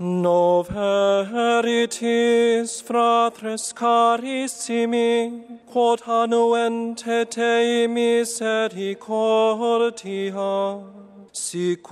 Nover fratres carissimi, quod annuente Dei misericordia, Sic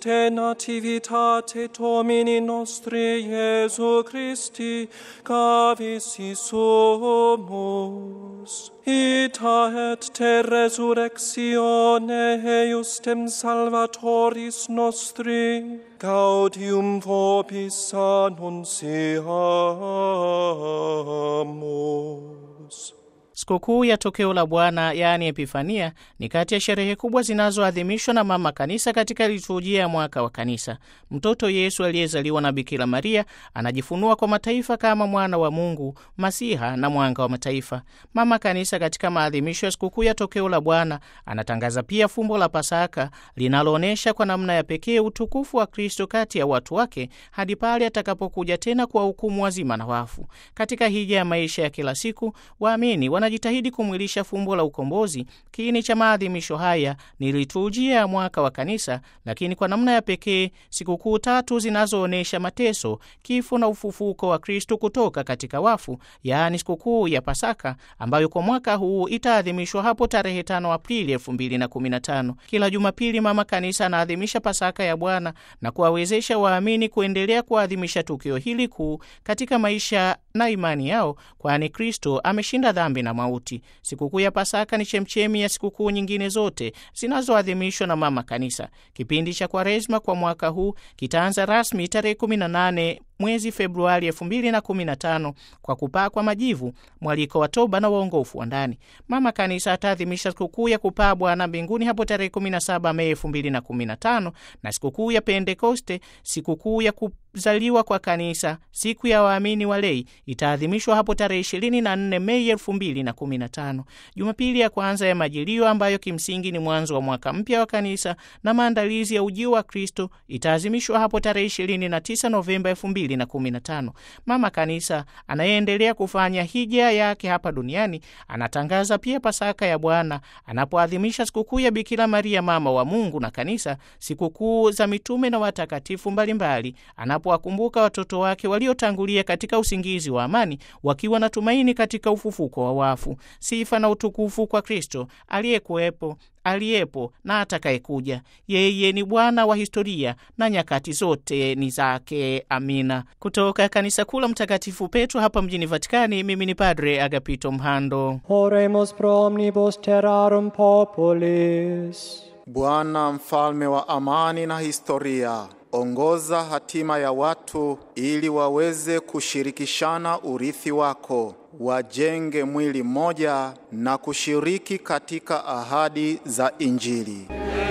te nativitate Domini nostri Iesu Christi cavis isumus, ita et te resurrectione eiustem salvatoris nostri, gaudium vobis annunciamus. Sikukuu ya tokeo la Bwana yaani Epifania ni kati ya sherehe kubwa zinazoadhimishwa na Mama Kanisa katika liturujia ya mwaka wa Kanisa. Mtoto Yesu aliyezaliwa na Bikira Maria anajifunua kwa mataifa kama mwana wa Mungu, Masiha na mwanga wa mataifa. Mama Kanisa katika maadhimisho ya sikukuu ya tokeo la Bwana anatangaza pia fumbo la Pasaka linaloonyesha kwa namna ya pekee utukufu wa Kristo kati ya watu wake hadi pale atakapokuja tena kuwahukumu wazima na wafu. Katika hija ya maisha ya kila siku waamini wana wanajitahidi kumwilisha fumbo la ukombozi. Kiini cha maadhimisho haya ni liturujia ya mwaka wa Kanisa, lakini kwa namna ya pekee sikukuu tatu zinazoonyesha mateso, kifo na ufufuko wa Kristu kutoka katika wafu, yaani sikukuu ya Pasaka ambayo kwa mwaka huu itaadhimishwa hapo tarehe 5 Aprili 2015. Kila Jumapili Mama Kanisa anaadhimisha Pasaka ya Bwana na kuwawezesha waamini kuendelea kuadhimisha tukio hili kuu katika maisha na imani yao, kwani Kristo ameshinda dhambi na mauti. Sikukuu ya Pasaka ni chemchemi ya sikukuu nyingine zote zinazoadhimishwa na Mama Kanisa. Kipindi cha Kwaresma kwa mwaka huu kitaanza rasmi tarehe 18 mwezi Februari 2015 kwa kupaa kwa majivu, mwaliko wa toba na uongofu wa ndani. Mama Kanisa ataadhimisha sikukuu ya kupaa Bwana mbinguni hapo tarehe 17 Mei 2015 na sikukuu ya Pentekoste, sikukuu ya kuzaliwa kwa Kanisa, siku ya waamini walei itaadhimishwa hapo tarehe 24 Mei 2015. Jumapili ya kwanza ya Majilio, ambayo kimsingi ni mwanzo wa mwaka mpya wa Kanisa na maandalizi ya ujio wa Kristo, itaadhimishwa hapo tarehe 29 Novemba 2015 mbili na kumi na tano Mama Kanisa anayeendelea kufanya hija yake hapa duniani anatangaza pia Pasaka ya Bwana anapoadhimisha sikukuu ya Bikira Maria mama wa Mungu na Kanisa, sikukuu za mitume na watakatifu mbalimbali, anapowakumbuka watoto wake waliotangulia katika usingizi wa amani, wakiwa na tumaini katika ufufuko wa wafu. Sifa na utukufu kwa Kristo aliyekuwepo aliyepo na atakayekuja. Yeye ni Bwana wa historia na nyakati zote ni zake. Amina. Bwana. Kutoka kanisa kuu la Mtakatifu Petro hapa mjini Vatikani, mimi ni Padre Agapito Mhando. Oremus pro omnibus terrarum populis. Bwana mfalme wa amani na historia, ongoza hatima ya watu ili waweze kushirikishana urithi wako, wajenge mwili mmoja na kushiriki katika ahadi za Injili.